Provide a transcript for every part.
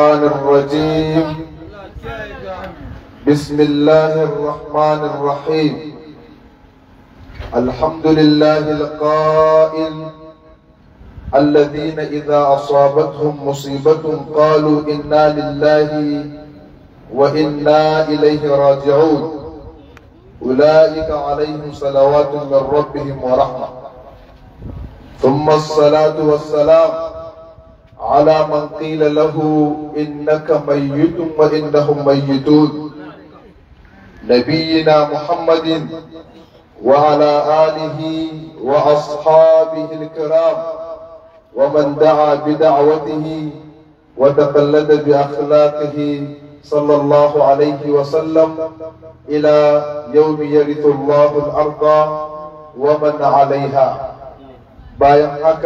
الرحمن الرجيم بسم الله الرحمن الرحيم الحمد لله القائل الذين إذا أصابتهم مصيبة قالوا إنا لله وإنا إليه راجعون أولئك عليهم صلوات من ربهم ورحمة ثم الصلاة والسلام على من قيل له إنك ميت وإنهم ميتون نبينا محمد وعلى آله وأصحابه الكرام ومن دعا بدعوته وتقلد بأخلاقه صلى الله عليه وسلم إلى يوم يرث الله الأرض ومن عليها بايعك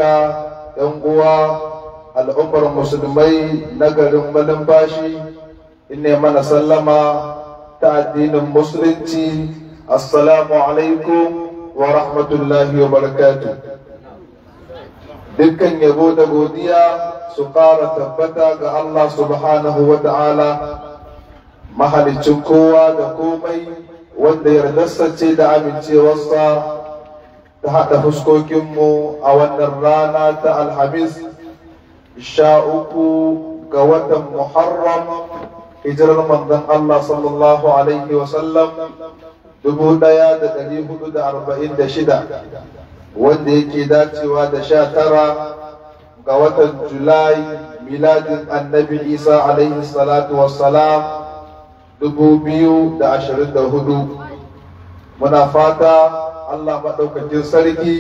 ينقوى al'ummar musulmai na garin malumfashi ina mana sallama ta addinin musulunci assalamu alaikum wa rahmatullahi wa barakatu dukkan yabo da godiya su ƙara tabbata ga Allah subhanahu wa ta'ala mahalicin kowa da komai wanda yardarsa ce da amincewarsa ta haɗa fuskokinmu a wannan rana ta alhamis sha uku ga watan muharram hijirar manzon Allah sallallahu alaihi dubu ɗaya da ɗari hudu da arba'in da shida wanda yake dacewa da sha tara ga watan julai miladin annabi isa alaihi salatu wassalam dubu biyu da ashirin da hudu muna fata allah maɗaukakin sarki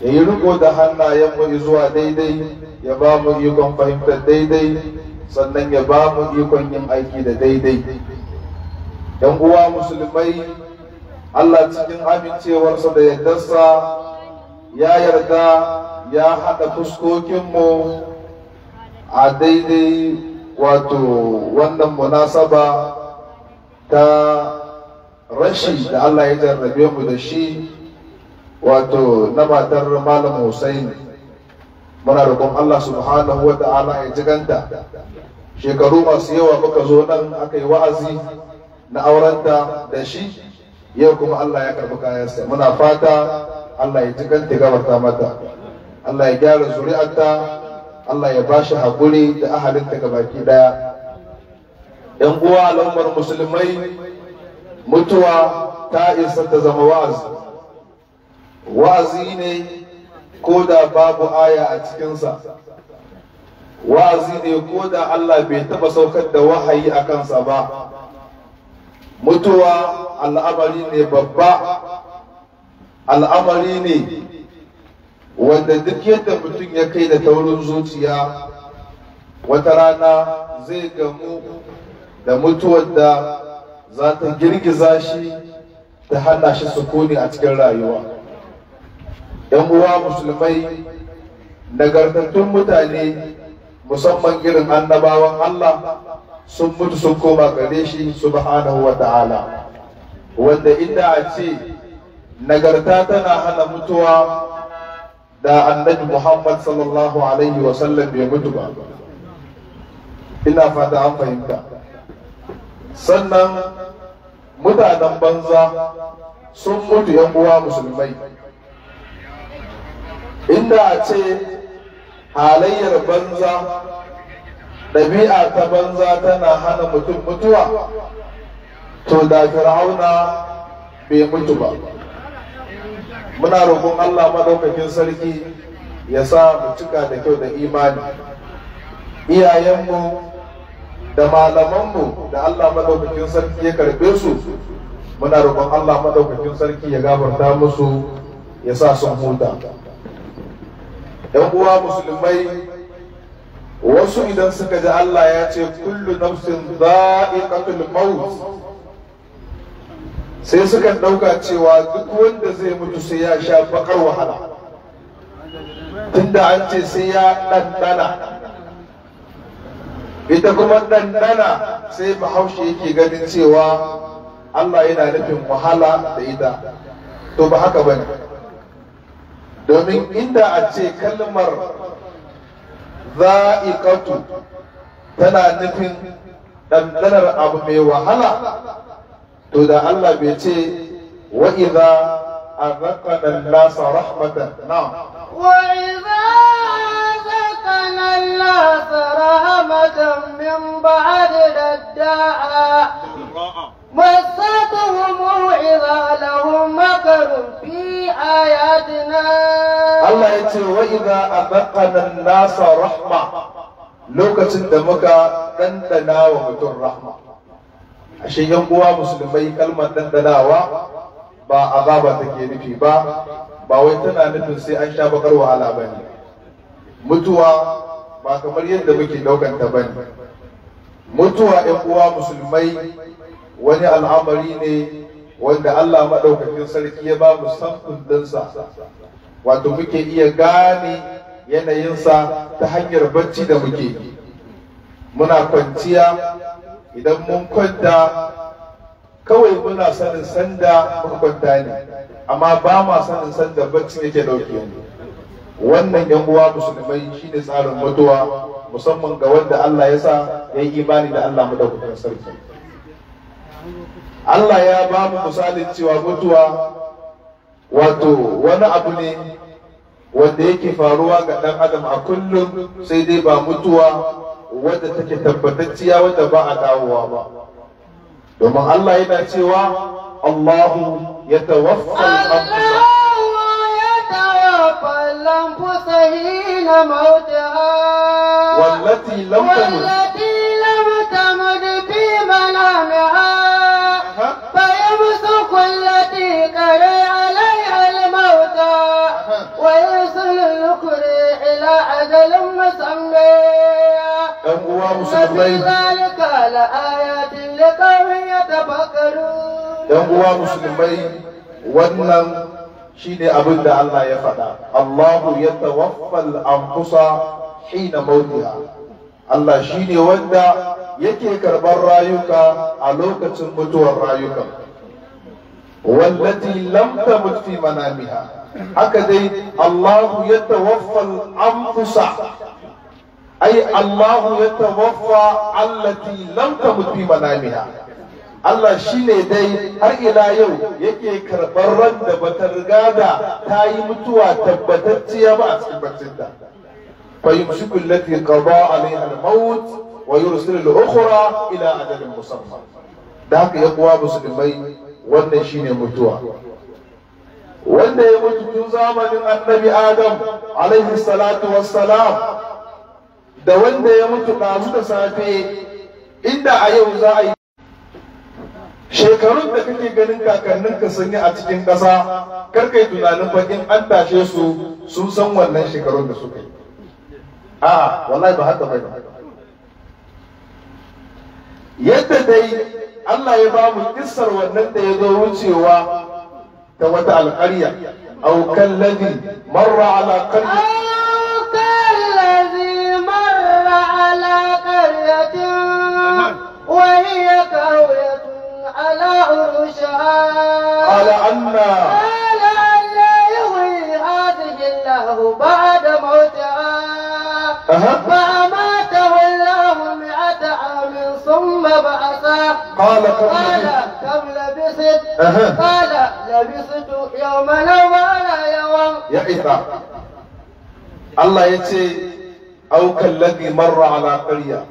ya yi riko da hannayenmu zuwa daidai ya ba mu ikon fahimtar daidai sannan ya ba mu ikon yin aiki da daidai yan uwa musulmai Allah cikin amincewarsa da yardarsa ya yarda ya haɗa fuskokinmu a daidai wato wannan munasaba ta rashi da Allah ya jarrabe mu da shi wato na matar Malam Hussaini. muna roƙon Allah subhanahu wa ta'ala ya ji ganta shekaru masu yawa muka zo nan aka yi wa'azi na aurenta da shi yau kuma Allah ya karɓi kayansa muna fata Allah ya ji ganta gabarta mata Allah ya gyara zuri'arta Allah ya ba shi haƙuri da ahalinta ga baki ɗaya ‘yan uwa al'ummar musulmai mutuwa ta isa ta zama wa'azi wa'azi ne ko da babu aya a cikinsa wa'azi ne ko da Allah bai taɓa saukar da wahayi a kansa ba mutuwa al'amari ne babba al'amari ne wanda duk yadda mutum ya kai da taurin zuciya wata rana zai gamu da mutuwar da za ta girgiza shi ta hana shi sukuni a cikin rayuwa yan uwa musulmai nagartattun mutane musamman irin annabawan Allah sun mutu sun koma gare shi subhanahu wa ta'ala wanda inda a ce nagarta tana hana mutuwa da annabi Muhammad sallallahu alaihi wa sallam bai mutu ba ina fata an fahimta sannan mutanen banza sun mutu yan uwa musulmai bid'a ce halayyar banza ɗabi'a ta banza tana hana mutum mutuwa to da fir'auna bai mutu ba muna roƙon allah maɗaukakin sarki ya sa mu cika da kyau da imani iyayenmu da malamanmu da allah maɗaukakin sarki ya karɓe su muna roƙon allah maɗaukakin sarki ya gafarta musu ya sa sun huta yan uwa musulmai wasu idan suka ji Allah ya ce kullu nafsin za'iqatul maut sai suka ɗauka cewa duk wanda zai mutu sai ya sha bakar wahala tunda an ce sai ya ɗanɗana. ita kuma ɗanɗana, sai bahaushe yake ganin cewa Allah yana nufin wahala da ita to ba haka bane domin inda a ce kalmar za'iqatu tana nufin ɗanɗanar abu mai wahala to da Allah bai ce wa idza azaqana an-nasa rahmatan na'am wa idza azaqana nasa rahmatan min da dadda'a مستهم موعظة لهم مكر في a الله nasa rahma lokacin da muka ɗanɗana wa mutum rahma ashe yan uwa musulmai kalmar ɗanɗanawa ba azaba ke nufi ba ba wai tana nufin sai an sha bakar wahala ba ne mutuwa ba kamar yadda muke ɗaukanta ba ne mutuwa yan uwa musulmai wani al'amari ne wanda Allah maɗaukakin sarki ya ba mu dansa wato muke iya gane yanayinsa ta hanyar bacci da muke muna kwanciya idan mun kwanta kawai muna sanin sanda muka kwanta ne amma ba ma sanin sanda bacci yake ɗauke mu wannan yan uwa musulmai shine tsarin mutuwa musamman ga wanda Allah ya sa ya yi imani da Allah maɗaukakin sarki Allah ya ba mu misalin cewa mutuwa wato wani abu ne wanda yake faruwa ga ɗan adam a kullum sai dai ba mutuwa wadda take tabbatacciya wadda ba a dawowa ba domin Allah yana cewa Allahu ya tawaffal anfusa wallati لم تمت sahabbai uwa musulmai wannan shine abin da Allah ya faɗa Allahu yatawaffa al-anfusa hina mautiha Allah shine wanda yake karɓar rayuka a lokacin mutuwar rayukan والتي لم haka dai allahu هكذا الله يتوفى الأنفس ai Allahu ya tawaffa allati lam tamut manamiha Allah shine dai har ila yau yake karɓar ran da bata riga da ta yi mutuwa tabbatacciya ba a cikin baccinta fa yumsiku allati qada alaiha al-maut wa yursilu al ila ajalin musamma da haka ya kuwa musulmai wannan shine mutuwa wanda ya mutu tun zamanin annabi adam alaihi salatu wassalam da wanda ya mutu ɗazu da safe inda a yau za a yi shekarun da kake ganin kakanninka sun yi a cikin ƙasa karka yi tunanin bakin an tashe su sun san wannan shekarun da suka yi a wallahi ba haka bai yadda dai Allah ya ba mu kissar wannan da ya zo wucewa ta wata alƙarya aukan ladi marra ala qaryah هي خاوية على عروشها قال أن قال عنا يحيي هذه الله بعد موتها فأماته الله مئة عام ثم بعثه قال قال كم لبثت قال لبثت يوما ولا يوم يا إذا الله يتي أو كالذي مر على قرية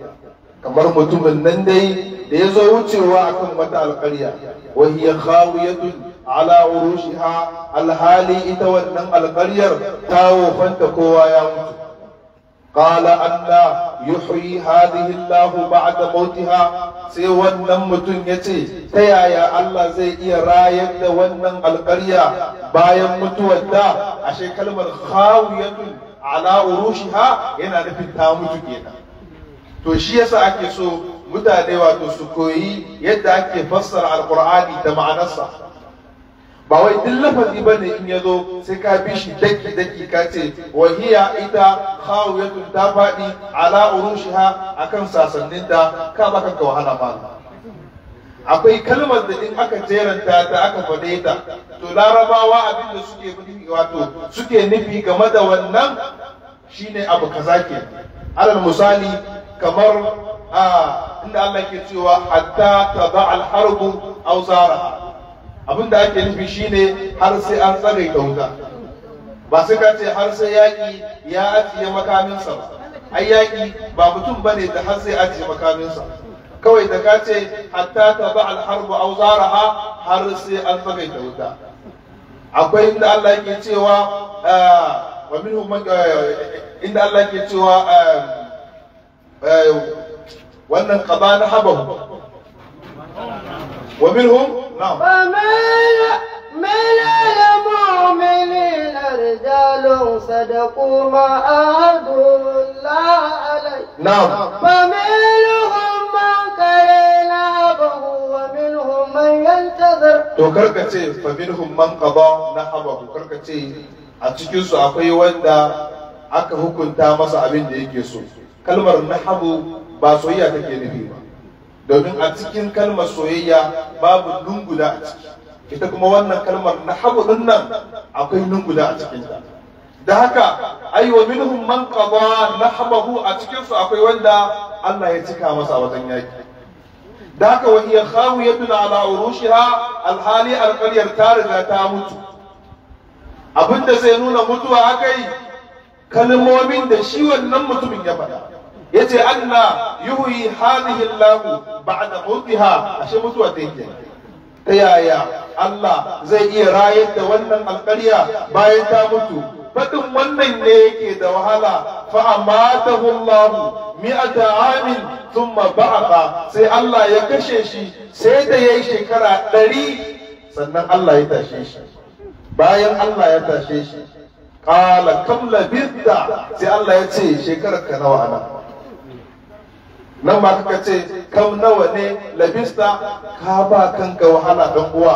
kamar mutumin nan dai da ya zo wucewa akan wata alƙarya kawo ya khawiyatun ala urushiha alhali ita wannan alƙaryar ta wofanta kowa ya mutu qala anna yuhyi hadhihi Allah bauti ha, sai wannan mutum yace ta yaya Allah zai iya rayar da wannan alƙarya bayan mutuwar ta ashe kalmar khawiyatun ala urushiha yana nufin ta mutu kenan to shi yasa ake so mutane wato su koyi yadda ake fassara alqur'ani da ma'anarsa ba wai duk lafazi ba ne in ya zo sai ka bi shi daki daki ka ce wahiya ita khawiyatun ta faɗi ala urushiha akan sasanninta ka baka kanka wahala ba akwai kalmar da in aka jeranta ta aka faɗe ta to larabawa abin da suke wato suke nufi game da wannan shine abu kaza ke alal misali kamar a inda Allah ke cewa hatta ta ba alharbu auzara, abin da ake nufi shine har sai an tsare da wuta ba sai ka ce har sai yaƙi ya ajiye makaminsa ba ai yaki ba mutum ba ne da har sai ajiye makaminsa kawai da ka ce hatta taba al-harbu awzaraha har sai an tsare da wuta akwai inda Allah ke cewa wa minhum eh, inda Allah ke cewa eh, آه، وأن قبان حبه ومنهم نعم ومن من المؤمن الرجال صدقوا ما أعدوا الله عليه نعم ومنهم من كرينا ومنهم من ينتظر تكركتي فمنهم من قضى نحبه تكركتي أتكيسوا أخي وإن دا أكهو كنتا مصعبين ديكيسوا kalmar nahabu ba soyayya take nufi ba domin a cikin kalmar soyayya babu lunguda a ciki ita kuma wannan kalmar nahabu din nan akwai lunguda a cikin ta da haka ai wa minhum man qada nahabahu a cikinsu akwai wanda Allah ya cika masa wajen yaki da haka wa hiya khawiyatun ala urushiha alhali alqaryar ta riga ta mutu abinda zai nuna mutuwa akai kalmomin da shi wannan mutumin ya faɗa yace anna yuhyi hadhihi Allah ba'da mawtiha ashe mutuwa ta yake ta yaya Allah zai iya rayar da wannan alƙarya bayan ta mutu faɗin wannan ne yake da wahala fa amatahu Allah mi'ata amin thumma ba'atha sai Allah ya kashe shi sai da yayi shekara ɗari sannan Allah ya tashe shi bayan Allah ya tashe shi qala kam labithta sai Allah ya ce shekarar ka nawa anan nan ba kaka ce kam nawa ne labista ka ba kanka wahala dan uwa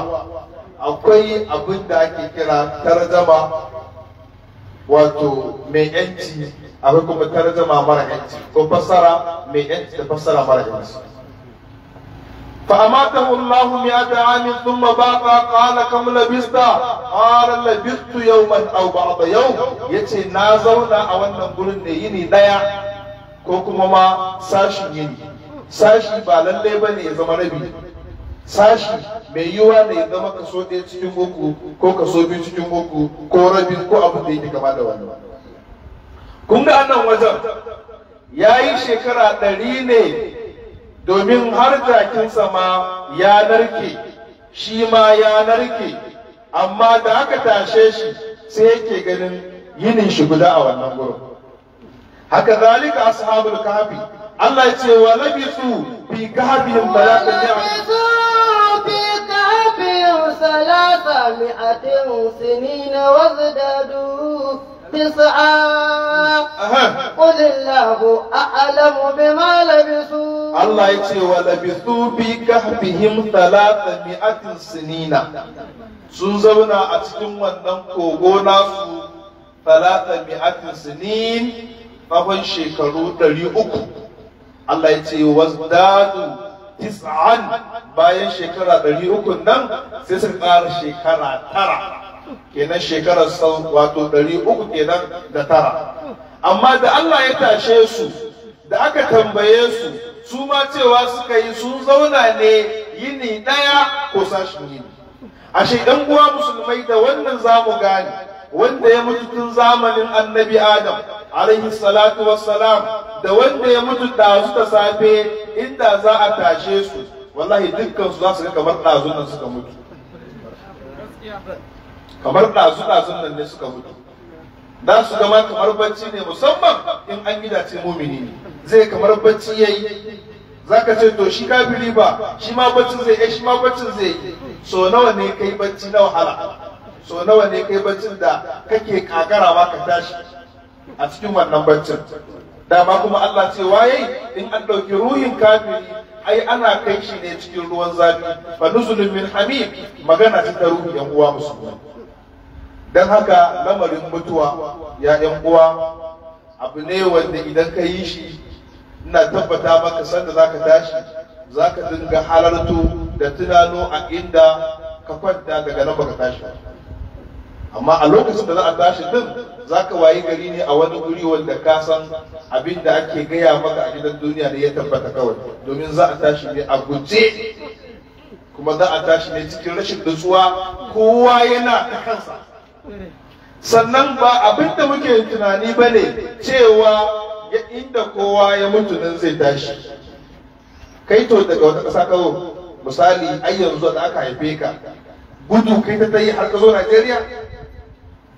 akwai abin da ake kira tarjama wato mai yanci akwai kuma tarjama mara yanci ko fassara mai yanci da fassara mara yanci فأماته الله مئة عام ثم بقى قال كم لبست قال لبست يوما أو بعض يوم يتي نازونا أو أن نقول yini ديا ko kuma ma sashin yini sashi ba lallai ba ne ya zama rabi sashi mai yiwuwa ne ya zama kaso ɗaya cikin uku ko kaso biyu cikin uku ko rabi ko abin da yake gaba da wani kun ga annan wajen ya yi shekara ɗari ne domin har jakinsa ma ya narke shi ma ya narke amma da aka tashe shi sai yake ganin yinin shi guda a wannan gurin haka zalika ashabul kafi. Allah ya ce wa labisu fi kahfihim talata mi'atin sinina wazdadu تسعا قل الله أعلم بما لبثوا الله يتي ولبثوا في كهفهم ثلاثمائة سنين sun zauna a cikin wannan kogo nasu talata mi'atin sinin tsawon shekaru ɗari uku Allah ya ce wazdadu tis'an bayan shekara ɗari uku nan sai suka ƙara shekara tara kenan shekarar sau wato ɗari uku kenan da tara amma da Allah ya tashe su da aka tambaye su su ma cewa suka yi sun zauna ne yini ɗaya ko sashen yini ashe ɗan uwa musulmai da wannan zamu gane wanda ya mutu tun zamanin annabi adam alaihi salatu wassalam da wanda ya mutu ɗazu da safe inda za a tashe su wallahi dukkan su za su ga kamar ɗazun nan suka mutu kamar ɗazu ɗazun nan ne suka mutu za su ga kamar bacci ne musamman in an yi dace mumini ne zai kamar bacci ya yi za ka ce to shi kafiri ba shi ma bacci zai yi shi ma bacci zai yi so nawa ne kai bacci na wahala so nawa ne kai baccin da kake kakarawa ka tashi a cikin wannan baccin dama kuma Allah ce waye in an ɗauki ruhin kafiri ai ana kai shi ne cikin ruwan zafi fa nuzulun min hamim magana ta ruhi yan uwa musulmi dan haka lamarin mutuwa ya yan uwa abu ne wanda idan ka yi shi ina tabbata maka sanda zaka tashi zaka dinga halarto da tunano a inda ka kwanta daga nan baka tashi amma a lokacin da za a tashi din za ka wayi gari ne a wani guri wanda ka san abin da ake gaya maka a gidan duniya ne ya tabbata kawai domin za a tashi ne a guje kuma za a tashi ne cikin rashin nutsuwa kowa yana ta kansa sannan ba abin da muke tunani ba ne cewa inda kowa ya mutu nan zai tashi kai to daga wata ƙasa kawo misali ai yanzu da aka haife ka gudu kai ta ta yi har ka zo Najeriya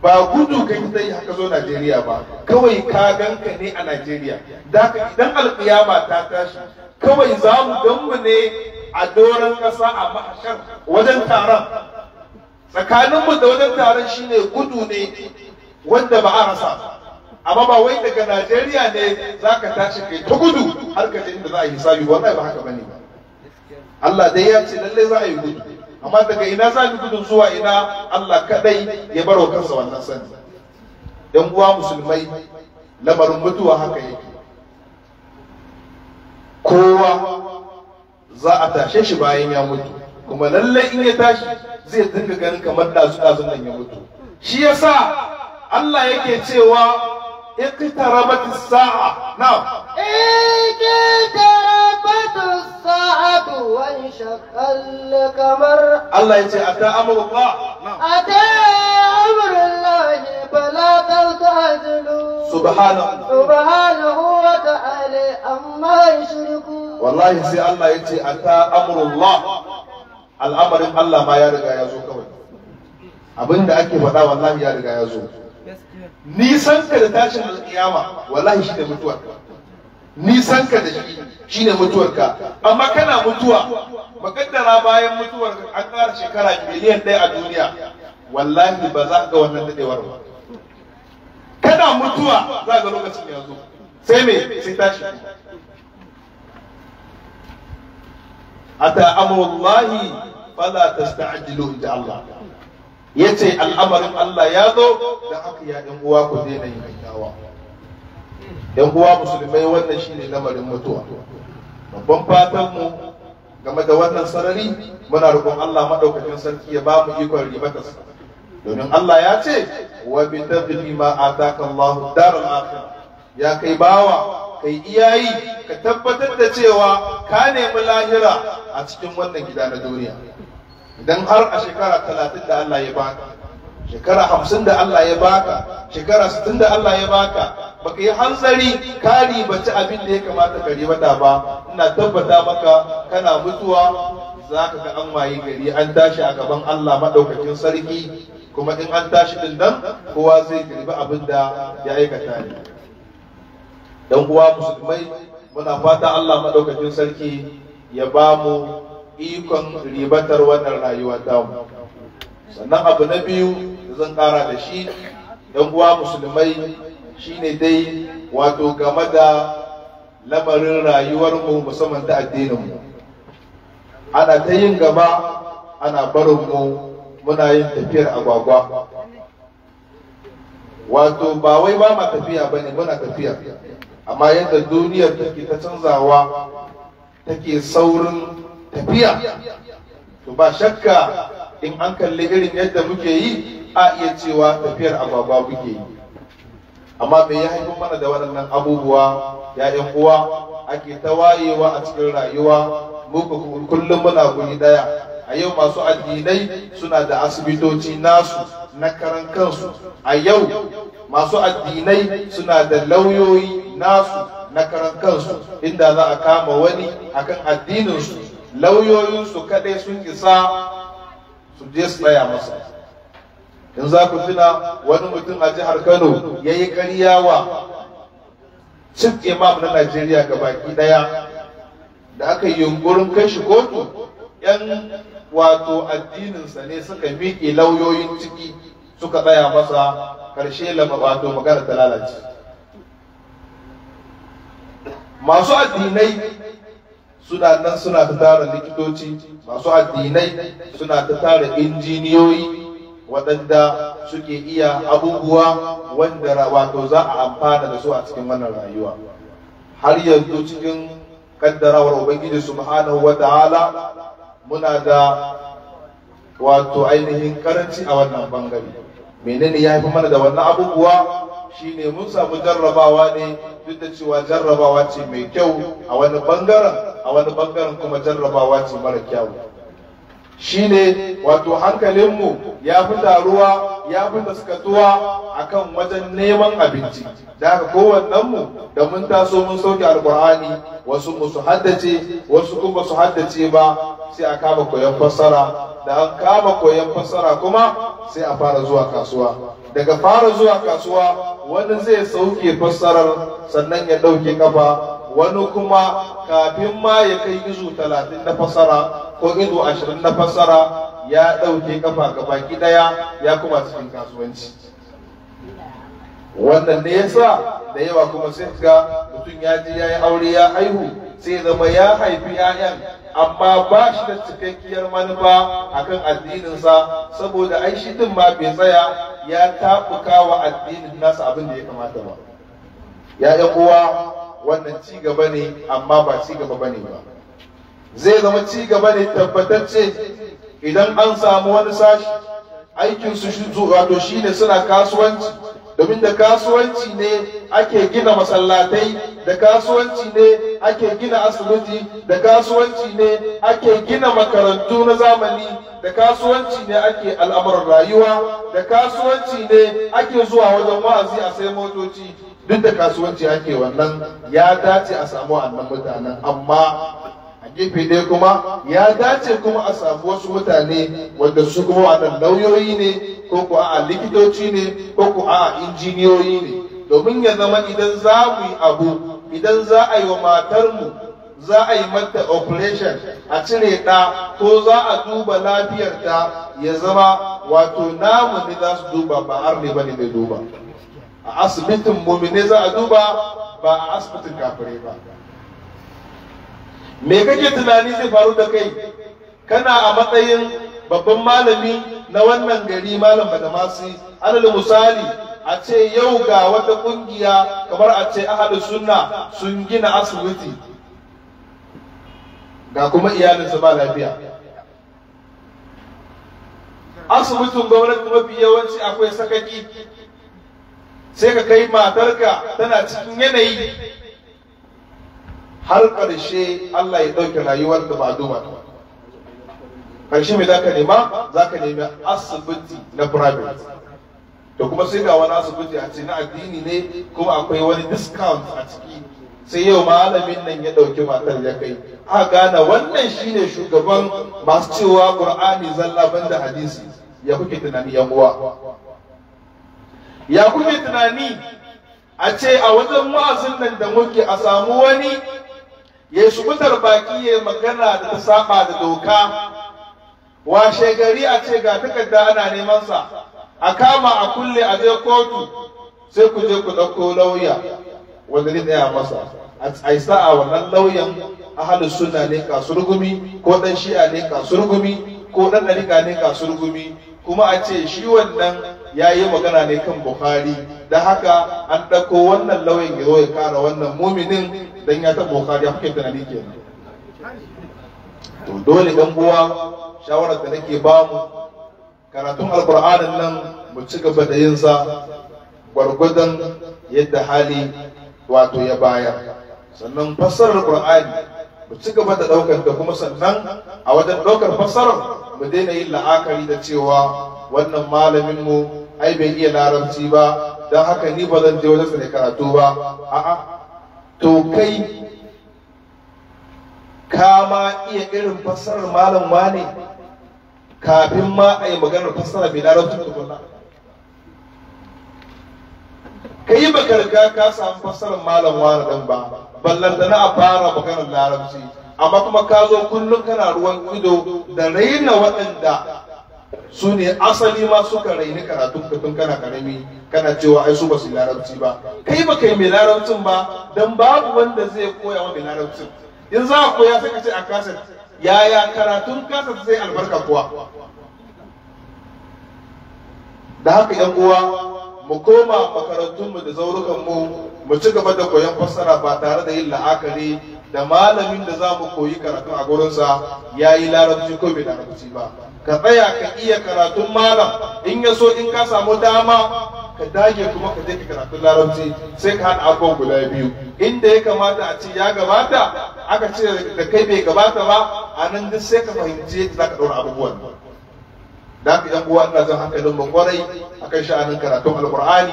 ba gudu ka yi zai haka zo Najeriya ba kawai ka ganka ne a Najeriya da idan alƙiyama ta tashi kawai za mu ganmu ne a doron ƙasa a mahashar wajen taron tsakaninmu da wajen taron shine gudu ne wanda ba a rasa amma ba wai daga Najeriya ne za ka tashi kai ta gudu har ka je inda za a yi hisabi ba haka bane ba Allah dai ya ce lallai za a yi gudu amma daga ina za ka gudu zuwa ina Allah kadai ya baro kansa wannan sani dan uwa musulmai lamarin mutuwa haka yake kowa za a tashe shi bayan ya mutu kuma lallai in ya tashi zai dinga ganin kamar dazu dazun nan ya mutu shi yasa Allah yake cewa اقتربت الساعة نعم اقتربت الساعة وانشق القمر الله يجي أتى أمر الله نعم أتى أمر الله فلا تستعجلوا سبحانه سبحانه وتعالى أما يشركون والله يجي الله يجي أتى أمر الله الأمر الله ما يرجع يزوكوه abin da ake faɗa wallahi ya riga nisan ka da tashin alkiyama wallahi shi ne mutuwar nisan ka da shi shi shine mutuwarka amma kana mutuwa makaddara bayan mutuwar an ƙara shekara miliyan ɗaya a duniya wallahi ba za ga wannan dadewar ba kana mutuwa za ga lokacin ya zo sai me sai tashi ata amrullahi fala tasta'jilu inda Allah ya ce al'amarin Allah ya zo da haka ya ɗan uwa ku daina yin gaggawa ɗan uwa musulmai wannan shine lamarin mutuwa babban fatan mu game da wannan sarari muna roƙon Allah madaukakin sarki ya ba mu ikon ribatas domin Allah ya ce wa bi tadri ma ataka Allah daral akhirah ya kai bawa kai iyayi ka tabbatar da cewa ka nemi lahira a cikin wannan gida na duniya idan har a shekara talatin da Allah ya baka shekara hamsin da Allah ya baka shekara sittin da Allah ya baka baka yi hanzari ka ribaci abin da ya kamata ka ribata ba ina tabbata maka kana mutuwa za ka ga an waye gari an tashi a gaban Allah maɗaukakin sarki kuma in an tashi din nan kowa zai girbi abin da ya aikata ne dan uwa musulmai muna fata Allah maɗaukakin sarki ya ba mu ikon ribatar wannan rayuwa tamu sannan abu na biyu da zan ƙara da shi don uwa musulmai shine dai wato game da lamarin rayuwarmu musamman ta addininmu ana ta yin gaba ana barinmu muna yin tafiyar agwagwa wato ba wai ba ma tafiya ba ne muna tafiya amma yadda duniyar take ta canzawa take saurin tafiya to ba shakka in an kalli irin yadda muke yi a iya cewa tafiyar agwagwa muke yi amma me ya haifar mana da waɗannan abubuwa ya ya'yan uwa ake ta wayewa a cikin rayuwa muku kullum muna guri ɗaya a yau masu addinai suna da asibitoci nasu na karan kansu a yau masu addinai suna da lauyoyi nasu na karan kansu inda za a kama wani akan addininsu lauyoyinsu kaɗai sun isa su je su tsaya masa in za ku tuna wani mutum a jihar kano ya yi karyawa wa cif imam na najeriya ga baki ɗaya da aka yi yunkurin kai shi kotu yan wato addininsa ne suka miƙe lauyoyin ciki suka tsaya masa ƙarshe lama wato magana ta lalace masu addinai suna nan suna ta tara likitoci masu addinai suna ta tara injiniyoyi waɗanda suke iya abubuwa wanda wato za a amfana da su a cikin wannan rayuwa har yanzu cikin kaddarawar ubangiji subhanahu wa ta'ala muna da wato ainihin karanci a wannan bangare menene ya fi mana da wannan abubuwa ne mun samu jarrabawa ne duk da cewa jarrabawa ce mai kyau a wani bangaren a wani bangaren kuma jarrabawa ce mara kyau shine wato hankalinmu ya fi taruwa ya fi taskatuwa akan wajen neman abinci da haka kowannenmu da mun taso mun sauke alkur'ani wasu musu haddace wasu kuma su haddace ba sai a kama koyon fassara da an kama koyon fassara kuma sai a fara zuwa kasuwa daga fara zuwa kasuwa wani zai sauke fassarar sannan ya ɗauke kafa wani kuma kafin ma ya kai izu talatin na fassara ko ido ashirin na fassara ya ɗauke kafa ga baki ɗaya ya kuma cikin kasuwanci wannan ne ya sa da yawa kuma sai ga mutum ya je ya yi aure ya haihu sai zama ya haifi 'ya'yan amma ba shi da cikakkiyar manufa akan addininsa saboda ai shi din ma bai tsaya ya tafuka wa addinin nasa abin da ya kamata ba ya uwa wannan cigaba ne amma ba ci gaba ne ba zai zama ci gaba ne tabbatacce idan an samu wani sashi aikin su wato shine suna kasuwanci domin da kasuwanci ne ake gina masallatai da kasuwanci ne ake gina asibiti da kasuwanci ne ake gina makarantu na zamani da kasuwanci ne ake al'amuran rayuwa da kasuwanci ne ake zuwa wajen wa'azi a sai motoci duk da kasuwanci ake wannan ya dace a samu annan mutanen amma gefe ɗaya kuma ya dace kuma a samu wasu mutane wanda su kuma waɗanda lauyoyi ne ko ku a likitoci ne ko ku a injiniyoyi ne domin ya zama idan za mu yi abu idan za a yi wa matarmu za a yi mata operation a cire ɗa ko za a duba lafiyar ta ya zama wato namu ne za su duba ba har ne ne mai duba a asibitin mumine za a duba ba a asibitin kafirai ba me kake tunani zai faru da kai kana a matsayin babban malami na wannan gari malam badamasi alal misali a ce yau ga wata kungiya kamar a ce ahadu sunna sun gina asibiti ga kuma iyalinsa ba lafiya asibitin gwamnati mafi yawanci akwai sakaki sai ka kai matarka tana cikin yanayi har ƙarshe Allah ya ɗauke rayuwar da ba duba ta ƙarshe mai zaka nema zaka nemi asibiti na private da kuma sai ga wani asibiti a ce na addini ne kuma akwai wani discount a ciki sai yau malamin nan ya ɗauki matar ya kai a gane wannan shine shugaban masu cewa ƙur'ani zalla da hadisi ya kuke tunani yan uwa ya kuke tunani a ce a wajen wa'azin nan da muke a samu wani ya shugutar baki ya magana da ta saba da doka washe gari a ce ga takarda ana neman sa a kama a kulle a je kotu sai ku je ku ɗauko lauya wanda ne ya masa a sa'a wannan lauyan halin suna ne kasu gumi ko ɗan shi'a ne kasu gumi ko ɗan ɗariƙa ne kasu gumi kuma a ce shi wannan ya yi magana ne kan bukhari da haka an ɗauko wannan lauyan ya ya kara wannan muminin don ya ta bukhari ya hukunta na to dole ɗan uwa shawarar da nake ba mu karatun alkur'anin nan mu ci gaba da yin gwargwadon yadda hali wato ya bayar sannan fassarar qur'ani mu ci gaba da ɗaukar da kuma sannan a wajen ɗaukar fassarar mu daina yin la'akari da cewa wannan malamin mu ai bai iya larabci ba don haka ni ba zan je wajen sa ne karatu ba a'a to kai ka ma iya irin fassarar malam ne kafin ma a yi maganar fassara mai larabci tukuna ka yi baka riga ka samu fassarar malam na ɗan ba na a fara maganar larabci amma kuma ka zo kullum kana ruwan ido da raina waɗanda su ne asali ma suka raini karatu kafin kana karami kana cewa ai su ba su larabci ba kai ba kai mai larabcin ba dan babu wanda zai koya wa mai larabcin in za a koya sai ka ce a kaset yaya karatun kaset zai albarka kuwa da haka yan uwa mu koma makarantunmu da zaurukan mu mu ci gaba da koyon fassara ba tare da yin la'akari da malamin da za mu koyi karatu a gurinsa ya yi larabci ko bai larabci ba ka tsaya ka iya karatun malam in ya so in ka samu dama ka dage kuma ka je ka karatun larabci sai ka haɗa abubuwan guda biyu inda ya kamata a ce ya gabata aka ce da kai bai gabata ba a nan duk sai ka fahimci yadda za ka ɗaura abubuwan da haka yan uwa ina jan hankalin mu kwarai akan sha'anin karatun alqur'ani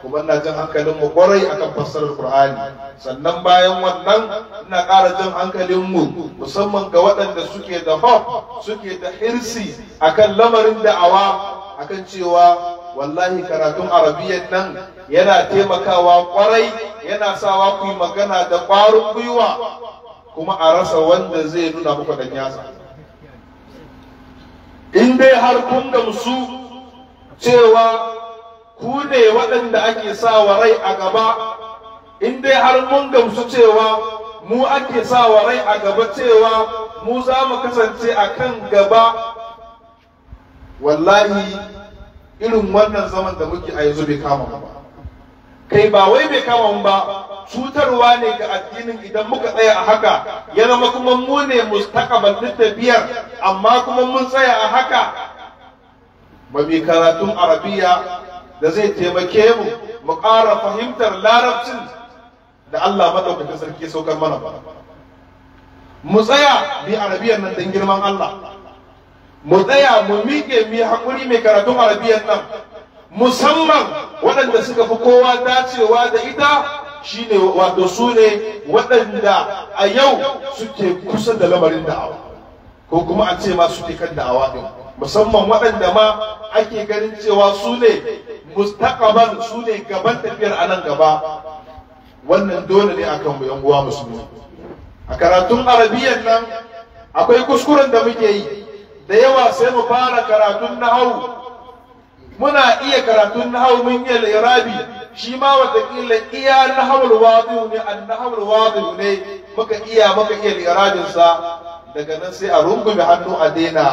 kuma ina jan hankalin mu kwarai akan fassarar qur'ani sannan bayan wannan ina ƙara jan hankalin mu musamman ga waɗanda suke da hof suke da hirsi akan lamarin da'awa akan cewa wallahi karatun arabiyyar nan yana taimakawa kwarai yana sawa ku yi magana da ƙwarin gwiwa kuma a rasa wanda zai nuna muku dan yasa in dai har kun gamsu cewa ku ne waɗanda ake sa wa rai a gaba in dai har mun gamsu cewa mu ake sa wa rai a gaba cewa mu za mu kasance a kan gaba wallahi irin wannan zaman da muke a yanzu bai kama ba kai ba wai bai kama ba cutarwa ne ga addinin idan muka tsaya a haka ya zama kuma mu ne mustaqbal tafiyar amma kuma mun tsaya a haka ba mai karatun arabiya da zai taimake mu mu ƙara fahimtar larabcin da Allah madaukakin sarki saukar mana ba mu tsaya bi arabiyar nan don girman Allah mu tsaya mu miƙe mu haƙuri mai karatun arabiyar nan musamman waɗanda suka fi kowa dacewa da ita shi ne wato su ne waɗanda a yau suke kusa da lamarin da'awa ko kuma a ce ma suke kan da'awa ɗin musamman waɗanda ma ake ganin cewa su ne mustaqaban su ne gaban tafiyar a nan gaba wannan dole ne akan mu yan uwa musulmi a karatun arabiyyar nan akwai kuskuren da muke yi da yawa sai mu fara karatun na'au muna iya karatun nahawu mun iya rabi. shi ma watakila iya nahawul wadu ne an nahawul wadu ne muka iya muka iya lirabin sa daga nan sai a rungume hannu a daina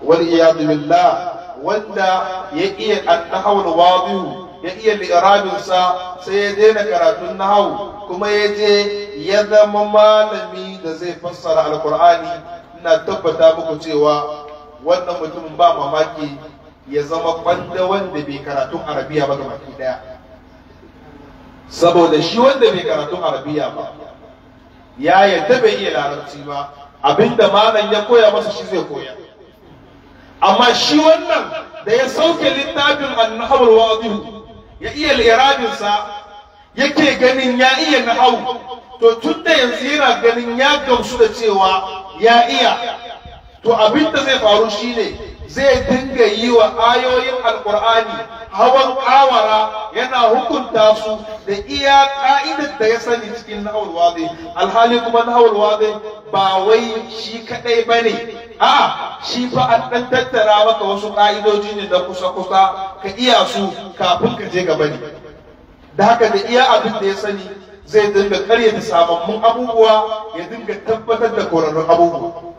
wal iyadu billah wanda ya iya an nahawul wadu ya iya lirabin sa sai ya daina karatun nahawu kuma ya je ya zama malami da zai fassara alkur'ani ina tabbata muku cewa wannan mutumin ba mamaki ya zama kwanda wanda bai karatun arabiya ba ga baki daya saboda shi wanda bai karatun arabiya ba ya yadda bai iya larabci ba abinda malam ya koya masa shi zai koya amma shi wannan da ya sauke littafin annahawar wadihu ya iya lirabinsa yake ganin ya iya nahawu to tun da yanzu yana ganin ya gamsu da cewa ya iya to abinda zai faru shine zai dinga yi wa ayoyin alkur'ani hawan kawara yana hukunta su da iya ka'idar da ya sani cikin nahawul wadi alhali kuma nahawul wadi ba wai shi kadai ne. a shi fa an dan tattara maka wasu ka'idoji ne da kusa kusa ka iya su kafin ka je gaba ne da haka da iya abin da ya sani zai dinga karyata sababbin abubuwa ya dinga tabbatar da korarrun abubuwa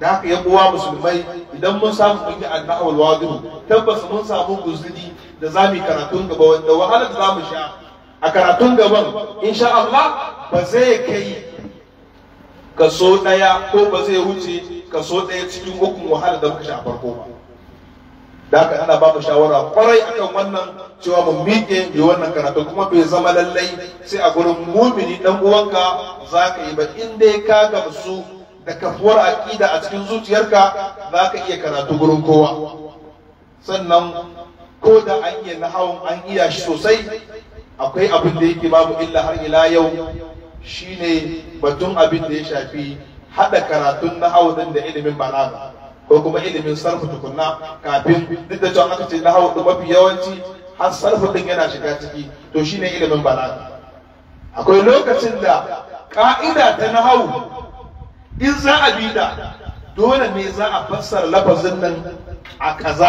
da haka yan uwa musulmai idan mun samu mun yi annahawal wadiru tabbas mun samu guzuri da za mu karatun gaba da wahalar da za mu sha a karatun gaban insha Allah ba zai kai kaso ɗaya ko ba zai wuce kaso ɗaya cikin ukun wahalar da muka sha a farko ba da haka ana ba mu shawara kwarai akan wannan cewa mu miƙe yi wannan karatu kuma bai zama lallai sai a gurin mumini dan uwanka za ka yi ba in dai ka gamsu da kafuwar aƙida a cikin zuciyarka za ka iya karatu gurin kowa sannan ko da an yi nahawun an iya shi sosai akwai abin da yake babu illa har ila yau shine batun abin da ya shafi haɗa karatun nahawu ɗin da ilimin balaga ko kuma ilimin sarfa tukunna kafin duk da cewa aka ce nahawu ɗin mafi yawanci har sarfa ɗin yana shiga ciki to shine ilimin balaga akwai lokacin da ƙa'ida ta nahawu in za a bi da dole ne za a fassara lafazin nan a kaza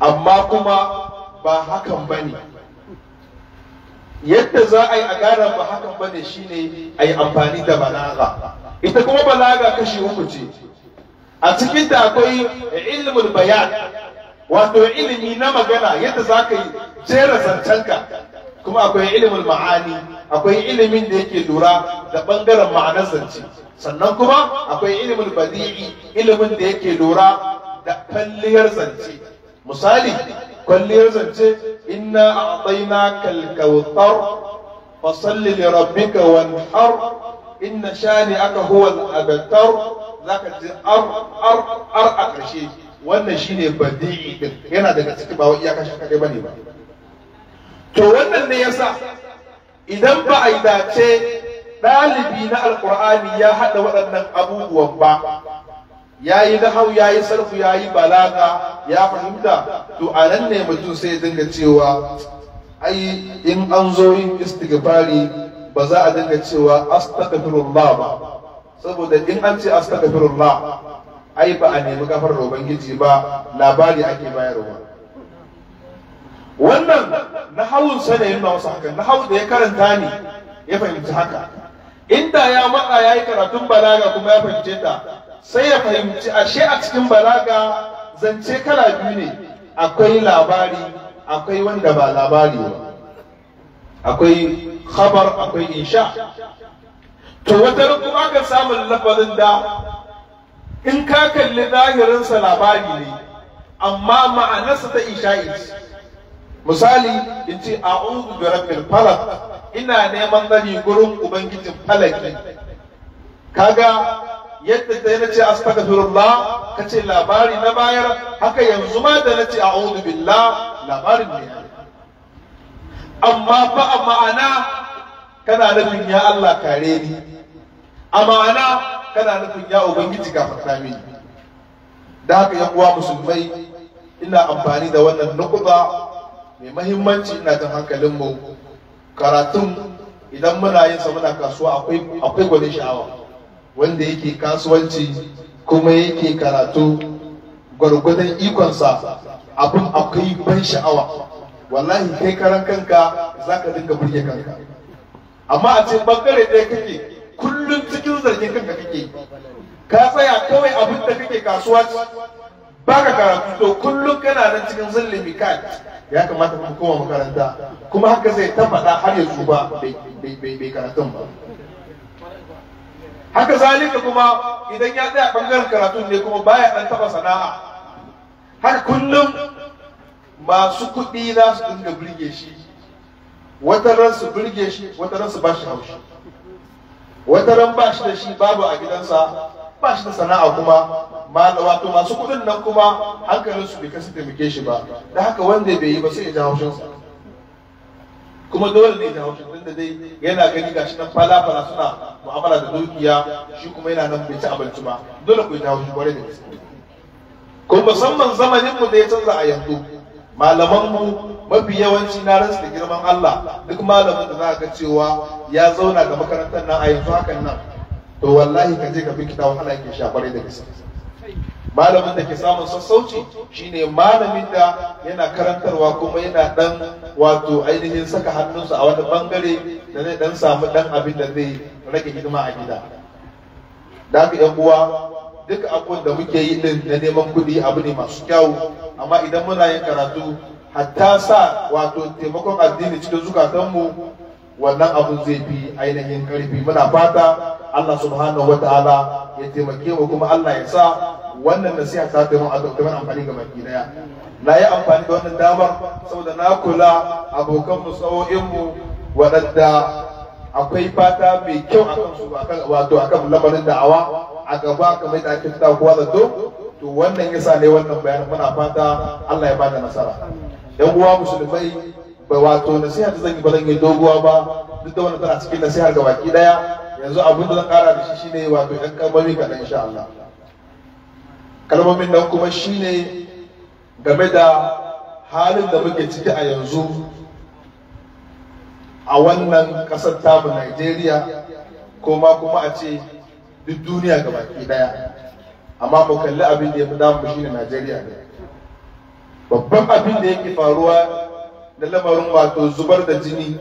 amma kuma ba hakan ba ne yadda za a yi a gara ba hakan ba ne shine a yi amfani da balaga ita kuma balaga kashi uku ce a cikinta akwai ilimin bayan wato ilimi na magana yadda za ka yi jera zancenka kuma akwai ilimin ma'ani akwai ilimin da yake lura da ɓangaren ma'anar zance sannan kuma akwai ilimin badi'i ilimin da yake lura da kwalliyar zance misali kwalliyar zance inna a kal kawthar fa salli rabbika wanhar inna aka huwa al-abtar zaka ji ar ar ar a ƙarshe wannan shine badi'i din yana daga cikin ba wai iyaka shi ba ne ba to wannan ne yasa idan ba a yi dace ɗalibi na alƙur'ani ya haɗa waɗannan abubuwan ba ya yi nahau ya yi sarfu ya yi balaga ya fahimta to a nan ne mutum sai dinga cewa ai in an zo yin istighfari ba za a dinga cewa astaghfirullah ba saboda in an ce astaghfirullah ai ba a nemi gafarar ubangiji ba labari ake bayarwa wannan na hawun sa ne yana wasu haka na hau da ya karanta ne ya fahimci haka inda ya matsa ya yi karatun balaga kuma ya fahimce ta sai ya fahimci ashe a cikin balaga zance kala biyu ne akwai labari akwai wanda ba labari ba akwai khabar akwai insha to wata rukun aka samun lafazin da in ka kalli zahirinsa labari ne amma ma'anarsa ta isha'i misali in ce a ungu rabbil falaq ina neman zani gurin ubangijin falaki kaga yadda ta na ce astaghfirullah ka ce labari na bayar haka yanzu ma da nace ce a'udhu billah labarin ne amma fa a ma'ana kana nufin ya Allah kare ni a ma'ana kana nufin ya ubangiji ga fatami da haka yan uwa musulmai ina amfani da wannan nukuda mai mahimmanci ina kan hankalin mu karatun idan muna yin sa muna kasuwa akwai akwai gwanin sha'awa wanda yake kasuwanci kuma yake karatu gwargwadon ikonsa abin akwai ban sha'awa wallahi kai karan kanka za ka dinga burge kanka amma a cikin bangare ɗaya kake kullum cikin zargin kanka kake ka tsaya kawai abin da kake kasuwa ba ka karatu to kullum kana nan cikin zulumi kai ya kamata ku koma makaranta kuma haka zai ta faɗa har yanzu ba, bai karatun ba haka zalika kuma idan ya tsaya bangaren karatun ne kuma baya ɗan taɓa sana'a har kullum masu kuɗi za su dinga birge shi wata ran su birge shi wata ran su ba shi haushi wata ran ba shi da shi babu a gidansa ba shi da sana'a kuma wato masu kuɗin nan kuma hankalinsu bai kasu taimake shi ba da haka wanda bai yi ba sai ya ja haushinsa kuma dole ne da haushin da dai yana gani gashi nan fala fala suna mu'amala da dukiya shi kuma yana nan bai ci abinci ba dole ku ja ta kwarai da gaske ko musamman zamanin mu da ya canza a yanzu malaman mu mafi yawanci na ransu da girman Allah duk malamin da za ka cewa ya zauna ga makarantar nan a yanzu hakan nan to wallahi ka je ka bi kita wahala yake shafare da gaske malamin da ke samun sassauci shine malamin da yana karantarwa kuma yana dan wato ainihin saka hannunsa a wani bangare da zai dan samu dan abin da zai rage hidima a gida da haka yan uwa duk abubuwan da muke yi din na neman kuɗi abu ne masu kyau, amma idan muna yin karatu hatta sa wato taimakon addini cikin zukatanmu wannan abun zai fi ainihin karfi muna fata Allah subhanahu wataala ya taimake mu kuma Allah ya sa wannan nasiha ta fi mun mana amfani ga baki daya na yi amfani da wannan damar saboda na kula abokan mu waɗanda akwai fata mai kyau a kan su akan wato akan lamarin da'awa a gaba kamar da ake fita kowa zato to wannan yasa ne wannan bayanin muna fata Allah ya bada nasara yan uwa musulmai ba wato nasiha da zan yi ba zan yi doguwa ba duk da wannan tana cikin nasihar ga baki daya yanzu abin da zan kara da shi shine wato yan kalmomi kaɗan insha Allah kalmomin nan kuma shine game da halin da muke ciki a yanzu a wannan ƙasar tamu Nigeria ko ma kuma a ce duk duniya ga baki daya amma mu kalli abin da ya fi damu shine Najeriya ne babban abin da yake faruwa na lamarin wato zubar da jini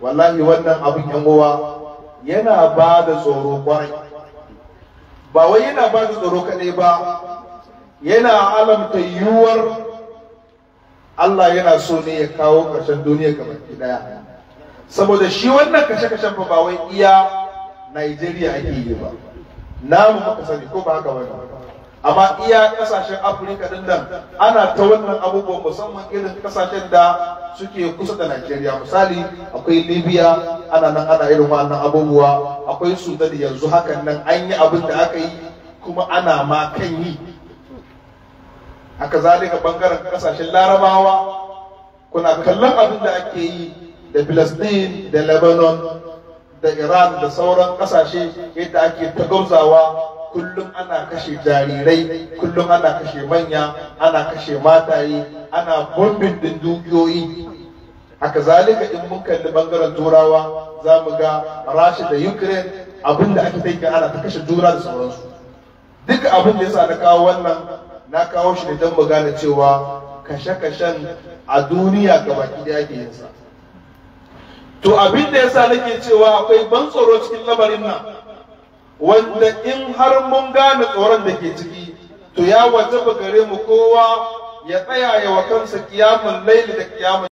wallahi wannan abin yan uwa yana ba da tsoro kwarai ba wai yana ba da tsoro kaɗai ba yana alamta yiwuwar Allah yana so ne ya kawo ƙarshen duniya gaba ɗaya saboda shi wannan kashe-kashen ba wai iya Najeriya ake yi ba namu muka sani ko ba haka wani amma iya kasashen afirka din nan ana ta wannan abubuwa musamman irin kasashen da suke kusa da najeriya misali akwai libya ana nan ana irin wannan abubuwa akwai sudan yanzu hakan nan an yi abin da aka yi kuma ana ma kan yi haka zalika bangaren kasashen larabawa kuna kallon abin da ake yi da Filistin da Lebanon da Iran da sauran kasashe yadda ake ta gauzawa kullum ana kashe jarirai kullum ana kashe manya ana kashe mataye ana bombin din dukiyoyi haka zalika in mun kalli bangaren turawa za mu ga rasha da ukraine abin da ake taika ana ta kashe jura da sauransu duk abin da yasa na kawo wannan na kawo shi ne don mu gane cewa kashe-kashen a duniya ga baki da ake sa to abin da yasa nake cewa akwai ban tsoro cikin lamarin nan wanda in har mun gane tsoron da ke ciki to ya wajaba gare mu kowa ya tsaya ya wa kansa kiyamun laili da kiyamun